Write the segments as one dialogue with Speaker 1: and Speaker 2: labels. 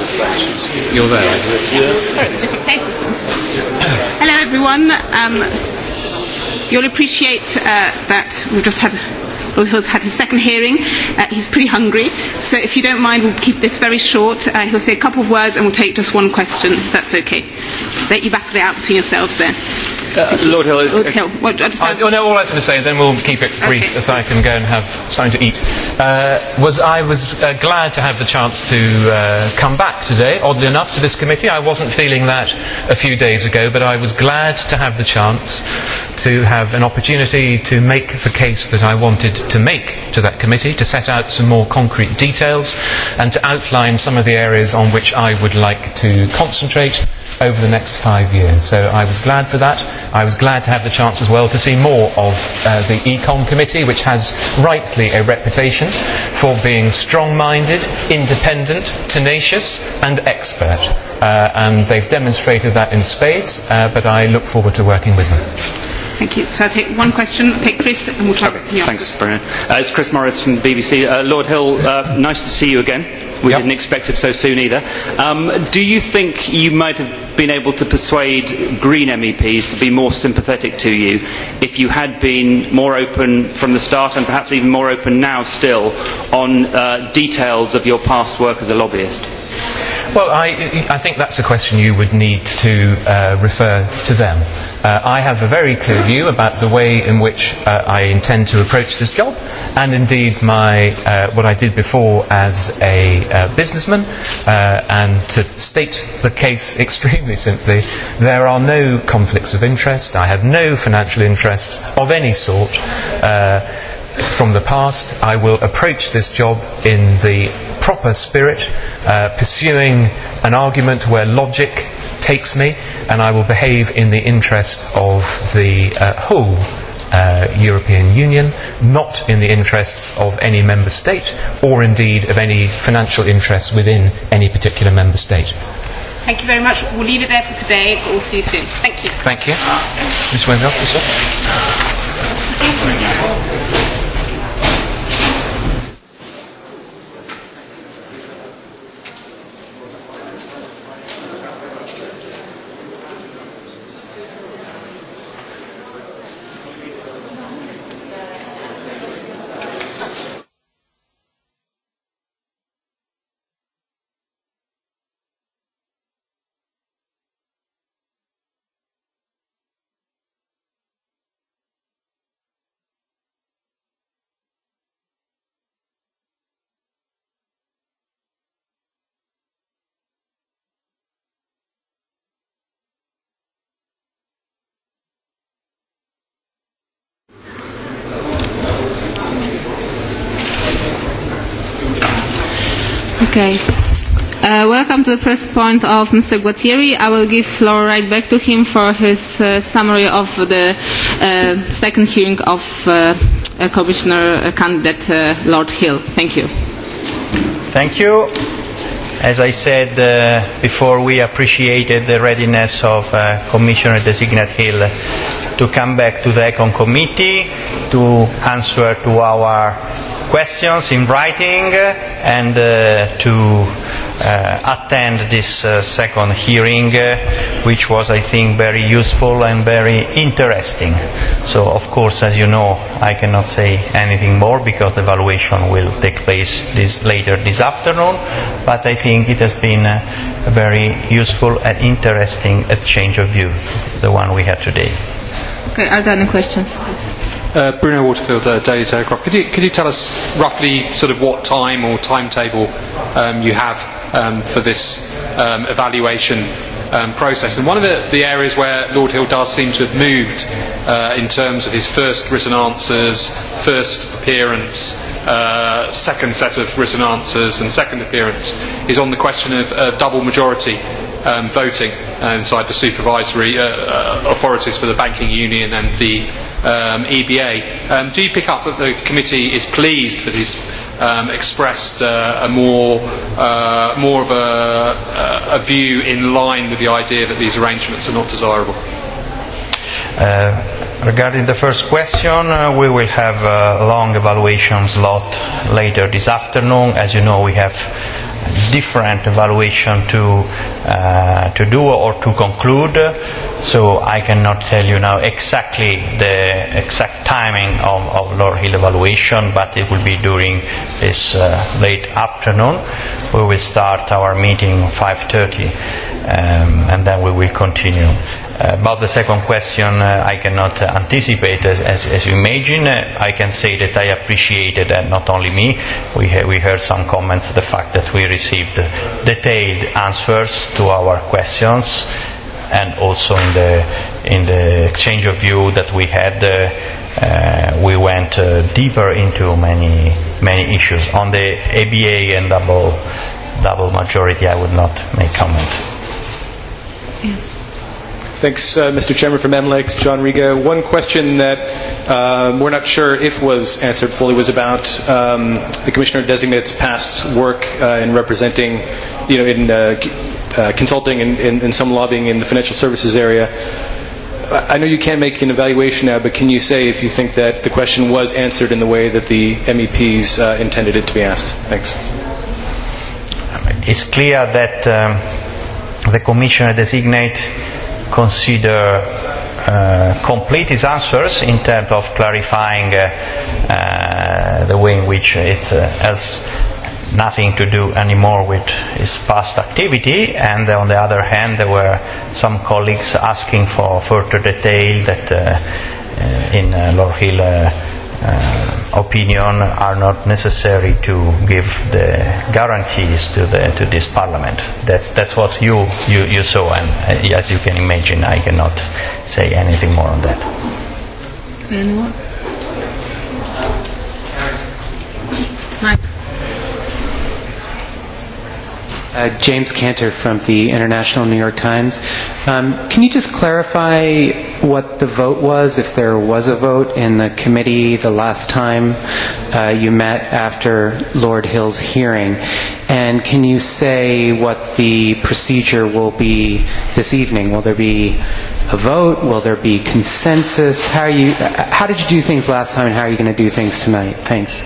Speaker 1: the conversations. You're there. Hello, everyone. Um, you'll appreciate uh, that we've just had who's had his second hearing. Uh, he's pretty hungry. So if you don't mind, we'll keep this very short. Uh, he'll say a couple of words and we'll take just one question, if that's okay. Let you battle it out between yourselves there. Uh, Lord Hill. Lord Hill. What, I just I, well, no, all I was going to say, then we'll keep it brief okay. so I can go and have something to eat, uh, was I was uh, glad to have the chance to uh, come back today, oddly enough, to this committee. I wasn't feeling that a few days ago, but I was glad to have the chance to have an opportunity to make the case that I wanted to make to that committee to set out some more concrete details and to outline some of the areas on which I would like to concentrate over the next five years. So I was glad for that. I was glad to have the chance as well to see more of uh, the Econ Committee, which has rightly a reputation for being strong-minded, independent, tenacious and expert. Uh, and they've demonstrated that in spades, uh, but I look forward to working with them. Thank you. So I'll take one question. I'll take Chris and we'll talk okay, Thanks, Brian. Uh, it's Chris Morris from the BBC. Uh, Lord Hill, uh, nice to see you again. We yep. didn't expect it so soon either. Um, do you think you might have been able to persuade Green MEPs to be more sympathetic to you if you had been more open from the start and perhaps even more open now still on uh, details of your past work as a lobbyist? Well, I, I think that's a question you would need to uh, refer to them. Uh, I have a very clear view about the way in which uh, I intend to approach this job, and indeed my, uh, what I did before as a uh, businessman. Uh, and to state the case extremely simply, there are no conflicts of interest. I have no financial interests of any sort. Uh, from the past. I will approach this job in the proper spirit, uh, pursuing an argument where logic takes me, and I will behave in the interest of the uh, whole uh, European Union, not in the interests of any member state or indeed of any financial interests within any particular member state. Thank you very much. We'll leave it there for today, but we'll see you soon. Thank you. Thank you. Ms. Wendell, Okay. Uh, welcome to the press point of Mr. Guattieri. I will give floor right back to him for his uh, summary of the uh, second hearing of
Speaker 2: uh, uh, Commissioner candidate uh, Lord Hill. Thank you. Thank you. As I said uh, before, we appreciated the readiness of uh, Commissioner Designate Hill to come back to the ECON Committee to answer to our questions in writing and uh, to uh, attend this uh, second hearing, uh, which was, I think, very useful and very interesting. So, of course, as you know, I cannot say anything more because the evaluation will take place this, later this afternoon, but I think it has been a very useful and interesting exchange of view, the one we had today.
Speaker 1: Okay, are there any questions, please? Uh, Bruno Waterfield, uh, Daily Telegraph. Could you, could you tell us roughly sort of what time or timetable um, you have um, for this um, evaluation um, process? And one of the, the areas where Lord Hill does seem to have moved uh, in terms of his first written answers, first appearance, uh, second set of written answers, and second appearance is on the question of uh, double majority um, voting inside the supervisory uh, uh, authorities for the banking union and the um, EBA. Um, do you pick up that the committee is pleased that he's um, expressed uh, a more, uh, more of a, a view in line with the idea that these arrangements are not desirable?
Speaker 2: Uh, Regarding the first question, uh, we will have a long evaluation slot later this afternoon. As you know, we have different evaluation to uh, to do or to conclude so I cannot tell you now exactly the exact timing of, of Lord Hill evaluation but it will be during this uh, late afternoon we will start our meeting 5.30 um, and then we will continue About the second question, uh, I cannot anticipate. As, as, as you imagine, uh, I can say that I appreciated, and not only me, we, ha- we heard some comments, the fact that we received detailed answers to our questions, and also in the, in the exchange of view that we had, uh, uh, we went uh, deeper into many, many issues. On the ABA and double, double majority, I would not make comment.
Speaker 1: Yeah. Thanks, uh, Mr. Chairman from MLEX, John Riga. One question that um, we're not sure if was answered fully was about um, the Commissioner Designate's past work uh, in representing, you know, in uh, uh, consulting and, and, and some lobbying in the financial services area. I know you can't make an evaluation now, but can you say if you think that the question was answered in the way that the MEPs uh, intended it to be asked? Thanks.
Speaker 2: It's clear that um, the Commissioner Designate consider uh, complete his answers in terms of clarifying uh, uh, the way in which it uh, has nothing to do anymore with his past activity and on the other hand there were some colleagues asking for further detail that uh, uh, in uh, Lord Hill uh, uh, opinion are not necessary to give the guarantees to the to this parliament. That's that's what you you, you saw, and uh, as you can imagine, I cannot say anything more on that. Anyone? Mike.
Speaker 1: Uh, James Cantor from the International New York Times. Um, can you just clarify what the vote was, if there was a vote in the committee the last time uh, you met after Lord Hill's hearing? And can you say what the procedure will be this evening? Will there be a vote? Will there be consensus? How, are you, uh how did you do things last time, and how are you going to do things tonight? Thanks.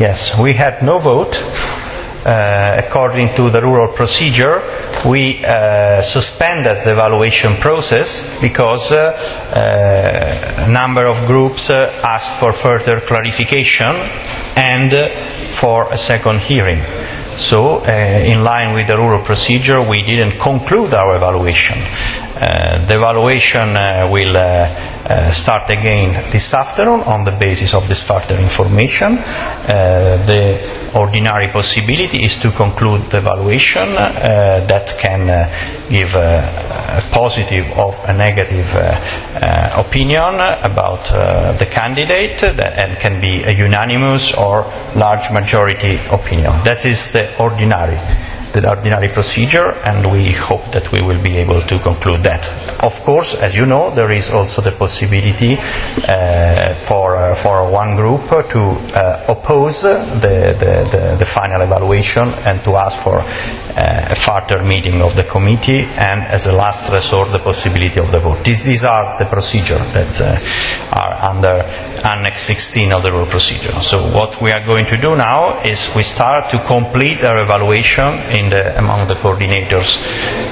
Speaker 2: Yes, we had no vote uh, according to the rural procedure, we uh, suspended the evaluation process because uh, uh, a number of groups uh, asked for further clarification and uh, for a second hearing. So, uh, in line with the rural procedure, we didn't conclude our evaluation uh, the evaluation uh, will uh, uh, start again this afternoon on the basis of this further information. Uh, the ordinary possibility is to conclude the evaluation uh, that can uh, give a, a positive or a negative uh, uh, opinion about uh, the candidate that, and can be a unanimous or large majority opinion. That is the ordinary the ordinary procedure, and we hope that we will be able to conclude that. Of course, as you know, there is also the possibility uh, for, uh, for one group to uh, oppose the, the, the, the final evaluation and to ask for uh, a further meeting of the committee and, as a last resort, the possibility of the vote. These, these are the procedures that uh, are under Annex 16 of the rule procedure. So what we are going to do now is we start to complete our evaluation in the, among the coordinators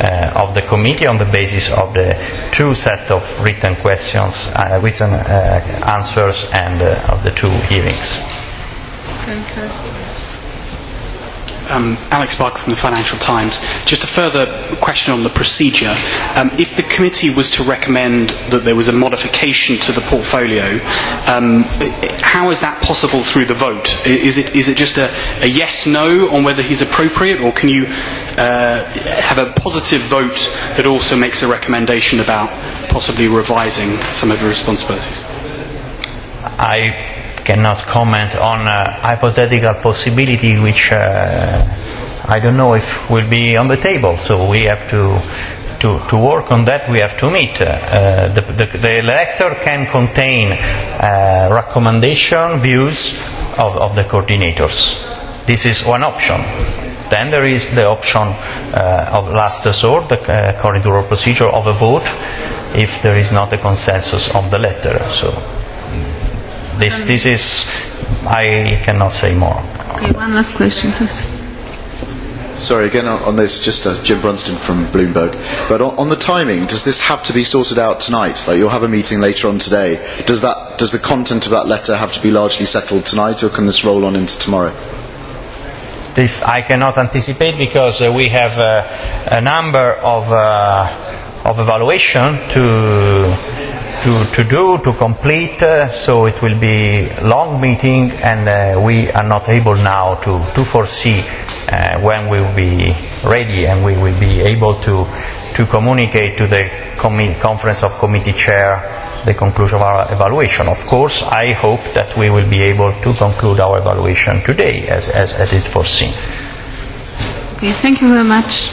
Speaker 2: uh, of the committee on the basis of the two set of written questions, uh, written uh, answers and uh, of the two hearings.
Speaker 1: Thank you
Speaker 2: um, Alex Barker from the Financial Times. Just a further question on the procedure. Um, if the committee was to recommend that there was a modification to the portfolio, um, how is that possible through the vote? Is it, is it just a, a yes-no on whether
Speaker 1: he's appropriate, or can you uh, have a positive vote that also makes a recommendation about possibly revising some of the responsibilities?
Speaker 2: I cannot comment on a hypothetical possibility which uh, I don't know if will be on the table. So we have to to, to work on that we have to meet. Uh, the, the, the elector can contain uh, recommendation, views of, of the coordinators. This is one option. Then there is the option uh, of last resort, the, uh, according to procedure, of a vote if there is not a consensus on the letter. So This, this is, I cannot say more.
Speaker 1: Okay, one last question, please.
Speaker 2: Sorry, again on this, just uh, Jim Brunston from Bloomberg. But on, on the timing,
Speaker 1: does this have to be sorted out tonight? Like you'll have a meeting later on today. Does that, does the content of that letter have to be largely settled tonight, or can this roll on into tomorrow?
Speaker 2: This I cannot anticipate because uh, we have uh, a number of uh, of evaluation to to, to do, to complete, uh, so it will be a long meeting and uh, we are not able now to, to foresee uh, when we will be ready and we will be able to, to communicate to the commi conference of committee chair the conclusion of our evaluation. Of course, I hope that we will be able to conclude our evaluation today as, as it is foreseen. Okay, thank you very much.